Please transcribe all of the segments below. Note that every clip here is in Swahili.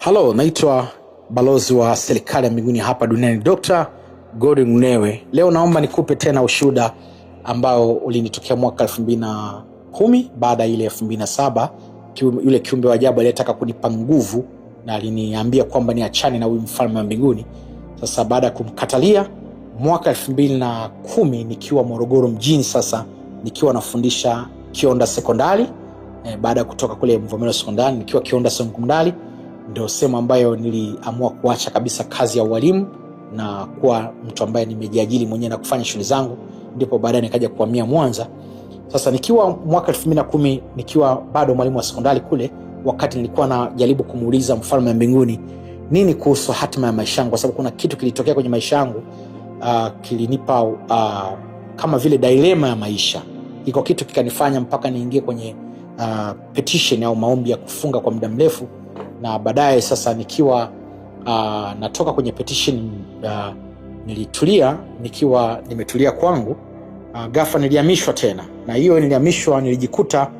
Halo, naitwa balozi wa serikali ya mbinguni hapa duniani Dr. Gordon Mnewe. Leo naomba nikupe tena ushuda ambao ulinitokea mwaka elfu mbili na kumi baada ya ile elfu mbili na saba yule kiumbe wa ajabu aliyetaka kunipa nguvu na aliniambia kwamba ni niachane na huyu mfalme wa mbinguni. Sasa baada ya kumkatalia mwaka elfu mbili na kumi nikiwa Morogoro mjini, sasa nikiwa nafundisha Kionda Sekondari eh, baada ya kutoka kule Mvomero Sekondari nikiwa Kionda Sekondari ndio sehemu ambayo niliamua kuacha kabisa kazi ya ualimu na kuwa mtu ambaye nimejiajili mwenyewe na kufanya shughuli zangu, ndipo baadaye nikaja kuhamia Mwanza. Sasa nikiwa mwaka kumi nikiwa bado mwalimu wa sekondari kule, wakati nilikuwa najaribu kumuuliza mfalme wa mbinguni nini kuhusu hatima ya maisha yangu, kwa sababu kuna kitu kilitokea kwenye maisha yangu uh, kilinipa uh, kama vile dailema ya maisha, iko kitu kikanifanya mpaka niingie kwenye uh, petition au maombi ya kufunga kwa muda mrefu na baadaye sasa nikiwa uh, natoka kwenye petition uh, nilitulia nikiwa nimetulia kwangu uh, ah, gafa nilihamishwa tena, na hiyo nilihamishwa, nilijikuta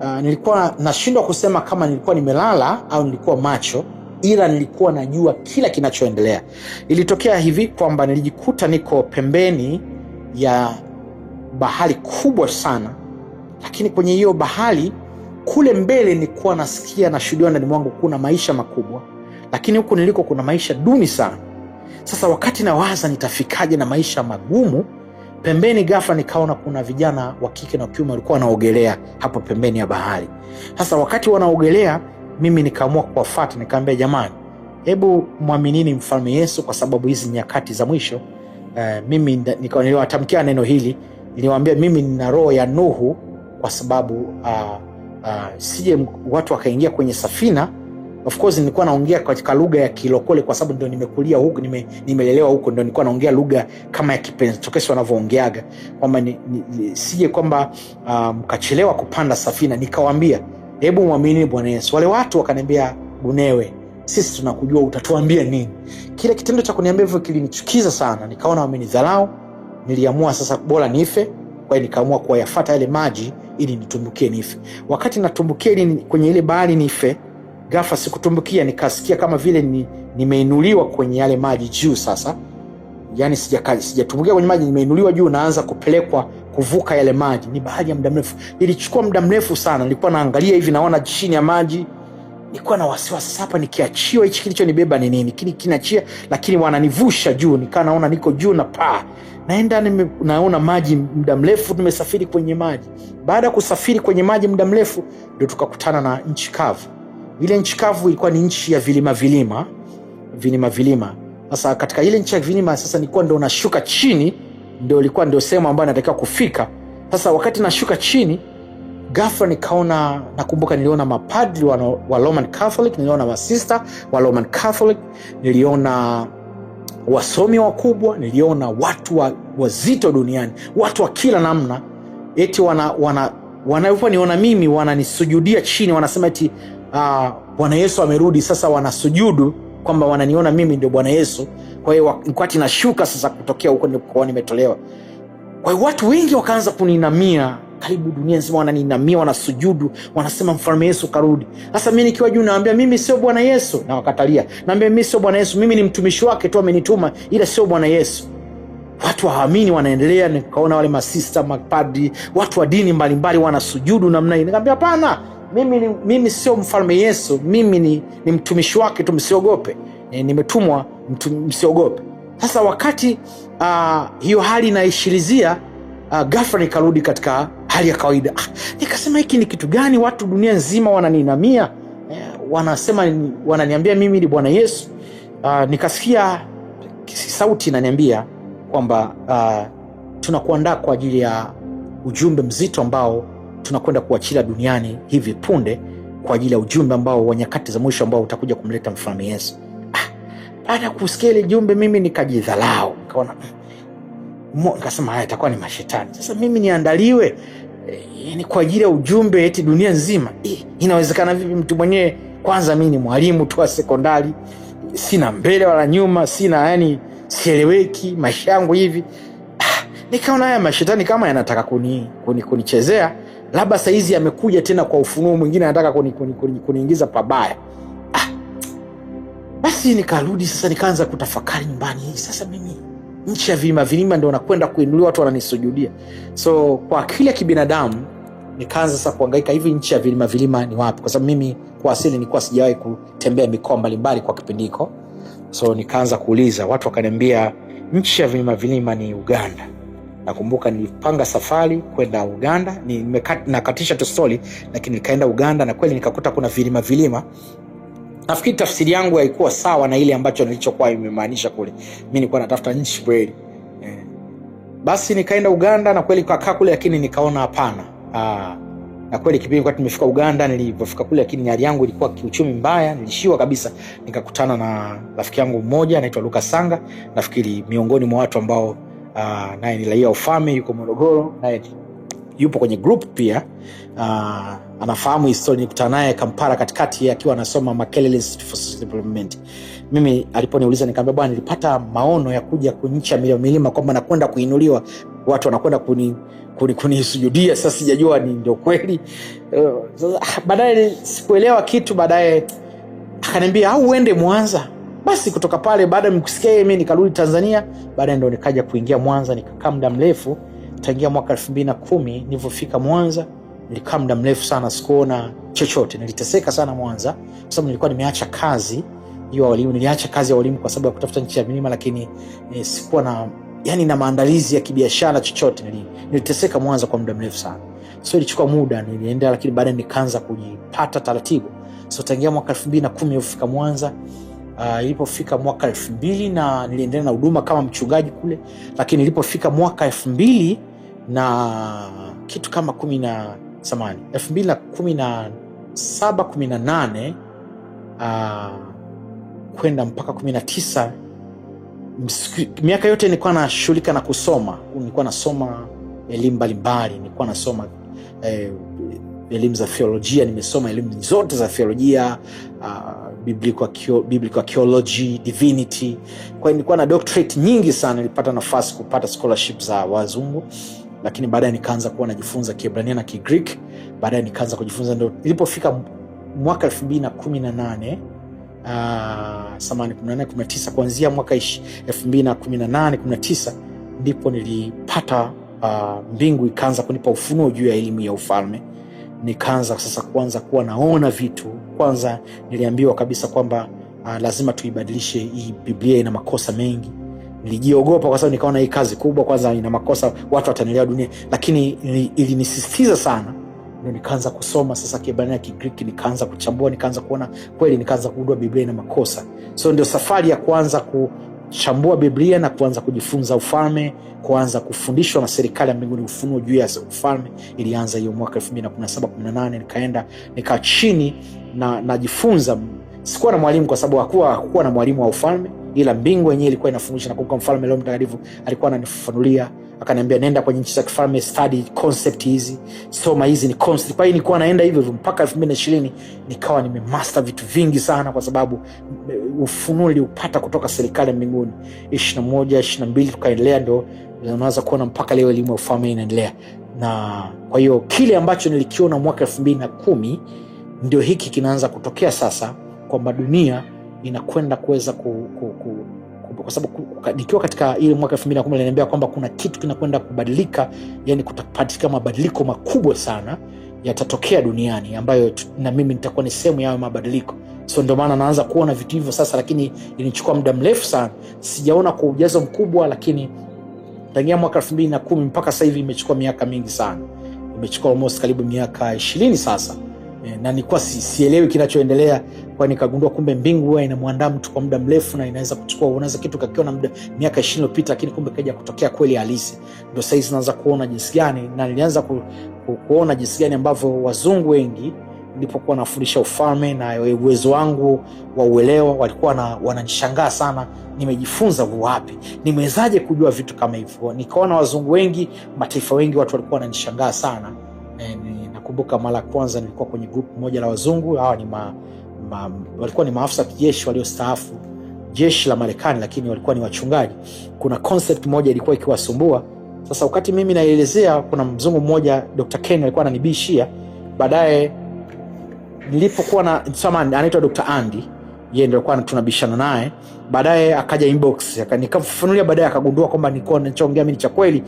uh, nilikuwa nashindwa kusema kama nilikuwa nimelala au nilikuwa macho, ila nilikuwa najua kila kinachoendelea. Ilitokea hivi kwamba nilijikuta niko pembeni ya bahari kubwa sana, lakini kwenye hiyo bahari kule mbele nilikuwa nasikia nashuhudiwa ndani mwangu kuna maisha makubwa, lakini huku niliko kuna maisha duni sana. Sasa wakati nawaza nitafikaje na maisha magumu, pembeni gafa nikaona kuna vijana wa kike na wakiume walikuwa wanaogelea hapo pembeni ya bahari. Sasa wakati wanaogelea, mimi nikaamua kuwafata nikaambia jamani, hebu mwaminini mfalme Yesu kwa sababu hizi nyakati za mwisho. Uh, mimi niliwatamkia neno hili, niliwambia mimi nina roho ya Nuhu kwa sababu uh, uh, sije watu wakaingia kwenye safina. Of course nilikuwa naongea katika lugha ya Kilokole kwa sababu ndo nimekulia huku, nime, nimelelewa huko, ndo nilikuwa naongea lugha kama ya kipenzi tokesi wanavyoongeaga kwamba sije kwamba ah, mkachelewa um, kupanda safina. Nikawaambia hebu mwamini Bwana Yesu. Wale watu wakaniambia Bunewe, sisi tunakujua utatuambia nini? Kile kitendo cha kuniambia hivyo kilinichukiza sana, nikaona wamenidharau. Niliamua sasa bora nife, kwa nikaamua kuwayafuata yale maji ili nitumbukie nife. Wakati natumbukia ili kwenye ile bahari nife, gafa sikutumbukia, nikasikia kama vile ni, nimeinuliwa kwenye yale maji juu. Sasa yani sijatumbukia kwenye maji, nimeinuliwa juu, naanza kupelekwa kuvuka yale maji. Ni bahari ya muda mrefu, ilichukua muda mrefu sana. Nilikuwa naangalia hivi, naona chini ya maji nilikuwa na wasiwasi hapa, nikiachiwa hichi kilichonibeba ni nini, kini kinachia, lakini wananivusha juu, nikaa naona niko juu na paa naenda nime, naona maji muda mrefu, tumesafiri kwenye maji. Baada ya kusafiri kwenye maji muda mrefu, ndio tukakutana na nchi kavu. Ile nchi kavu ilikuwa ni nchi ya vilima vilima vilima vilima. Sasa katika ile nchi ya vilima, sasa nilikuwa ndo nashuka chini, ndo ilikuwa ndio sehemu ambayo natakiwa kufika. Sasa wakati nashuka chini, gafla nikaona, nakumbuka niliona mapadri wa, wa Roman Catholic, niliona wasista wa Roman Catholic, niliona wasomi wakubwa, niliona watu wa, wazito duniani, watu wa kila namna, eti wana, wana, wanavyoniona mimi wananisujudia chini, wanasema eti uh, Bwana Yesu amerudi. Sasa wanasujudu kwamba wananiona mimi ndio Bwana Yesu. Kwa hiyo nashuka sasa kutokea huko nimetolewa, kwa hiyo watu wengi wakaanza kuninamia karibu dunia nzima wananinamia, wanasujudu, wanasema mfalme Yesu karudi. Sasa mi nikiwa juu nawambia mimi sio Bwana Yesu, nawakatalia, naambia mimi sio Bwana Yesu, mimi ni mtumishi wake tu, amenituma ila sio Bwana Yesu. Watu waamini wanaendelea, nikaona wale masista mapadi watu wa dini mbalimbali wanasujudu namna hii, nikaambia hapana, mimi, mimi sio mfalme Yesu, mimi ni, ni mtumishi wake tu, msiogope, e, nimetumwa mtu, msiogope. Sasa wakati uh, hiyo hali inaishirizia uh, ah, ghafla nikarudi katika hali ya kawaida. Ah, nikasema hiki ni kitu gani? Watu dunia nzima wananiinamia, eh, wanasema, wananiambia mimi ni Bwana Yesu. Uh, nikasikia sauti inaniambia kwamba uh, tunakuandaa kwa ajili ya ujumbe mzito ambao tunakwenda kuachilia duniani hivi punde, kwa ajili ya ujumbe ambao wa nyakati za mwisho ambao utakuja kumleta mfalme Yesu. Ah, baada ya kusikia ile jumbe mimi nikajidhalau, nikaona hmm, Nikasema haya itakuwa ni mashetani. Sasa mimi niandaliwe e, eh, ni kwa ajili ya ujumbe eti dunia nzima? E, inawezekana vipi mtu mwenyewe? Kwanza mimi ni mwalimu tu wa sekondari, sina mbele wala nyuma, sina yani, sieleweki maisha yangu hivi. Ah, nikaona haya mashetani kama yanataka kuni kuni, kunichezea kuni labda saizi yamekuja tena kwa ufunuo mwingine, anataka kuniingiza kuni, kuni, kuni pabaya. Ah, basi nikarudi sasa, nikaanza kutafakari nyumbani, sasa mimi nchi ya vilima vilima ndio nakwenda kuinuliwa, watu wananisujudia. So kwa akili ya kibinadamu nikaanza sasa kuangaika hivi, nchi ya vilima vilima ni wapi? Kwa sababu mimi kwa asili nilikuwa sijawahi kutembea mikoa mbalimbali kwa kipindiko so nikaanza kuuliza watu, wakaniambia nchi ya vilima vilima ni Uganda. Nakumbuka nilipanga safari kwenda Uganda, nimekatisha tu lakini nikaenda Uganda na kweli nikakuta kuna vilima vilima Nafikiri tafsiri yangu haikuwa sawa na ile ambacho nilichokuwa imemaanisha kule. mi nikuwa natafuta nchi kweli eh. Basi nikaenda Uganda na kweli kakaa kule, lakini nikaona hapana. Ah. na kweli kipindi kwa tumefika Uganda, nilivyofika kule, lakini hali yangu ilikuwa kiuchumi mbaya, nilishiwa kabisa. Nikakutana na rafiki yangu mmoja anaitwa Luka Sanga, nafikiri miongoni mwa watu ambao ah, naye ni raia ufame, yuko Morogoro, naye yupo kwenye group pia ah, anafahamu historia, nikutana naye kampara katikati akiwa anasoma Makerere Development. Mimi aliponiuliza nikaambia bwana, nilipata maono ya kuja kunicha milima milima kwamba nakwenda kuinuliwa, watu wanakwenda kuni kunisujudia sasa sijajua ni ndio kweli. Uh, ah, baadaye sikuelewa kitu, baadaye akaniambia au uende Mwanza. Basi kutoka pale baada mkusikia mimi nikarudi Tanzania, baadaye ndo nikaja kuingia Mwanza, nikakaa muda mrefu tangia mwaka elfu mbili na kumi nilivyofika Mwanza nilikaa muda mrefu sana, sikuona chochote, niliteseka sana Mwanza kwa sababu nilikuwa nimeacha kazi hiyo walimu. Niliacha kazi ya walimu kwa sababu ya kutafuta nchi ya milima, lakini eh, sikuwa na yani na maandalizi ya kibiashara chochote. Niliteseka Mwanza kwa muda mrefu sana, so ilichukua muda nilienda, lakini baadae nikaanza kujipata taratibu. So tangia mwaka elfu mbili na kumi nilifika Mwanza. Uh, ilipofika mwaka elfu mbili na niliendelea na huduma kama mchungaji kule, lakini ilipofika mwaka elfu mbili na kitu kama kumi na samani 2017 na uh, kwenda mpaka 19 miaka yote nilikuwa nashughulika na kusoma nilikuwa nasoma elimu mbalimbali nilikuwa nasoma eh, elimu za theolojia nimesoma elimu zote za theolojia uh, biblical, theology divinity kwa nilikuwa na doctorate nyingi sana nilipata nafasi kupata scholarship za wazungu lakini baadaye nikaanza kuwa najifunza kibrania na kigrik baadaye nikaanza kujifunza ndo ilipofika mwaka elfu mbili na kumi na nane ah, kuanzia mwaka elfu mbili na kumi na nane kumi na tisa ndipo nilipata uh, mbingu ikaanza kunipa ufunuo juu ya elimu ya ufalme nikaanza sasa kuanza kuwa naona vitu kwanza niliambiwa kabisa kwamba uh, lazima tuibadilishe hii biblia ina makosa mengi nilijiogopa kwa sababu nikaona hii kazi kubwa, kwanza ina makosa, watu watanelewa dunia, lakini ilinisisitiza sana ndo nikaanza kusoma sasa Kiebrania, Kigiriki, nikaanza kuchambua, nikaanza kuona kweli, nikaanza kugundua Biblia ina makosa. So ndio safari ya kuanza kuchambua Biblia na kuanza kujifunza ufalme, kuanza kufundishwa na serikali ya mbinguni ufunuo juu ya ufalme ilianza hiyo mwaka elfu mbili nikaenda nikaa chini na najifunza Sikuwa na mwalimu kwa sababu hakuwa hakuwa na mwalimu wa ufalme, ila mbingu yenyewe ilikuwa inafundisha. na Nakumbuka mfalme leo Mtakatifu alikuwa ananifafanulia, akaniambia nenda kwenye nchi za kifalme, study concept hizi, soma hizi ni concept. Kwa hiyo nilikuwa naenda hivyo hivyo mpaka 2020 nikawa nimemaster vitu vingi sana, kwa sababu eh, ufunuo niliupata kutoka serikali ya mbinguni. 21 22 tukaendelea, ndo unaweza kuona mpaka leo elimu ya ufalme inaendelea. Na kwa hiyo kile ambacho nilikiona mwaka 2010 ndio hiki kinaanza kutokea sasa kwamba dunia inakwenda kuweza ku, ku, ku, ku, kwa sababu nikiwa katika ile mwaka elfu mbili na kumi niliambia kwamba kuna kitu kinakwenda kubadilika, yani kutapatika mabadiliko makubwa sana yatatokea duniani ambayo na mimi nitakuwa ni sehemu yayo mabadiliko. So ndio maana naanza kuona vitu hivyo sasa, lakini ilichukua muda mrefu sana, sijaona kwa ujazo mkubwa, lakini tangia mwaka elfu mbili na kumi mpaka sasa hivi imechukua miaka mingi sana, imechukua almost karibu miaka ishirini sasa eh, na nilikuwa sielewi kinachoendelea kwa nikagundua kumbe mbingu huwa inamwandaa mtu kwa muda mrefu na inaweza kuchukua, unaweza kitu kakiwa na muda miaka ishirini iliyopita, lakini kumbe kaja kutokea kweli halisi. ndo sahizi hizi naanza kuona jinsi gani na nilianza ku, ku, kuona jinsi gani ambavyo wazungu wengi nilipokuwa nafundisha ufalme na uwezo wangu wa uelewa, walikuwa wananishangaa sana, nimejifunza wapi, nimewezaje kujua vitu kama hivyo? Nikaona wazungu wengi, mataifa wengi, watu walikuwa wananishangaa sana. E, nakumbuka mara ya kwanza nilikuwa kwenye grupu moja la wazungu, hawa ni ma ma, walikuwa ni maafisa kijeshi waliostaafu jeshi la Marekani, lakini walikuwa ni wachungaji. Kuna concept moja ilikuwa ikiwasumbua. Sasa wakati mimi naelezea kuna mzungu mmoja Dr. Ken alikuwa ananibishia, baadaye nilipokuwa na anaitwa Dr. Andy yeye ndio alikuwa tunabishana naye. Baadaye akaja inbox nikamfafanulia, baadaye akagundua kwamba nilikuwa ninachoongea mimi ni cha kweli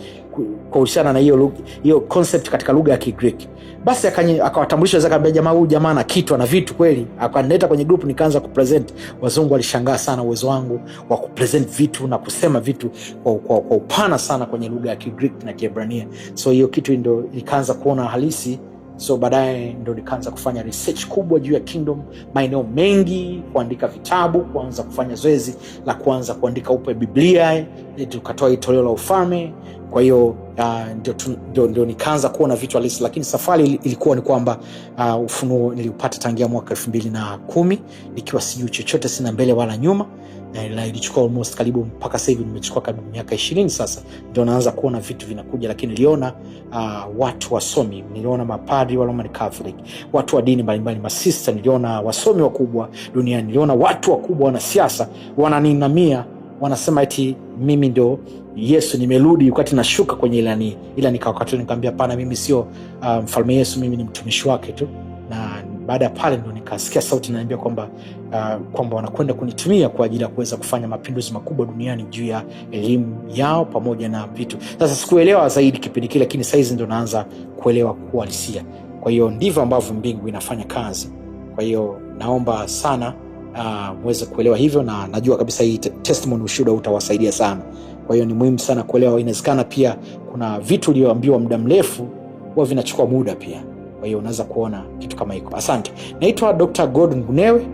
kuhusiana na hiyo hiyo concept katika lugha ya Kigreek. Basi akawatambulisha zaka akamwambia jamaa, huyu jamaa na kitu na vitu kweli. Akanileta kwenye group, nikaanza kupresent. Wazungu walishangaa sana uwezo wangu wa kupresent vitu na kusema vitu kwa, kwa, kwa upana sana kwenye lugha ya Kigreek na Kiebrania. So hiyo kitu ndio nikaanza kuona halisi so baadaye ndo nikaanza kufanya research kubwa juu ya kingdom maeneo mengi kuandika vitabu kuanza kufanya zoezi la kuanza kuandika upe biblia eh, tukatoa hii toleo la ufalme kwa hiyo uh, ndio nikaanza kuwa na vitu halisi, lakini safari ilikuwa ni kwamba uh, ufunuo niliupata tangia mwaka elfu mbili na kumi nikiwa sijui chochote, sina mbele wala nyuma, na ilichukua almost karibu mpaka sahivi nimechukua karibu miaka ishirini sasa, ndio naanza kuona vitu vinakuja. Lakini niliona uh, watu wasomi, niliona mapadri wa Roman Catholic, watu wa dini mbalimbali, masista, niliona wasomi wakubwa duniani, niliona watu wakubwa, wanasiasa wananinamia wanasema eti mimi ndo yesu nimerudi wakati nashuka kwenye ilani ila nikawakati nikaambia pana mimi sio uh, mfalme um, yesu mimi ni mtumishi wake tu na baada ya pale ndo nikasikia sauti naambia kwamba uh, kwamba wanakwenda kunitumia kwa ajili ya kuweza kufanya mapinduzi makubwa duniani juu ya elimu yao pamoja na vitu sasa sikuelewa zaidi kipindi kile lakini sahizi ndo naanza kuelewa kuhalisia kwa hiyo ndivyo ambavyo mbingu inafanya kazi kwa hiyo naomba sana mweze uh, kuelewa hivyo, na najua kabisa hii testimony ushuda utawasaidia sana. Kwa hiyo ni muhimu sana kuelewa, inawezekana pia kuna vitu ulioambiwa muda mrefu huwa vinachukua muda pia. Kwa hiyo unaweza kuona kitu kama hiko. Asante, naitwa Dr. Gordon Bunewe,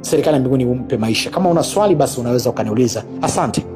serikali ya mbinguni umpe maisha. Kama una swali basi unaweza ukaniuliza. Asante.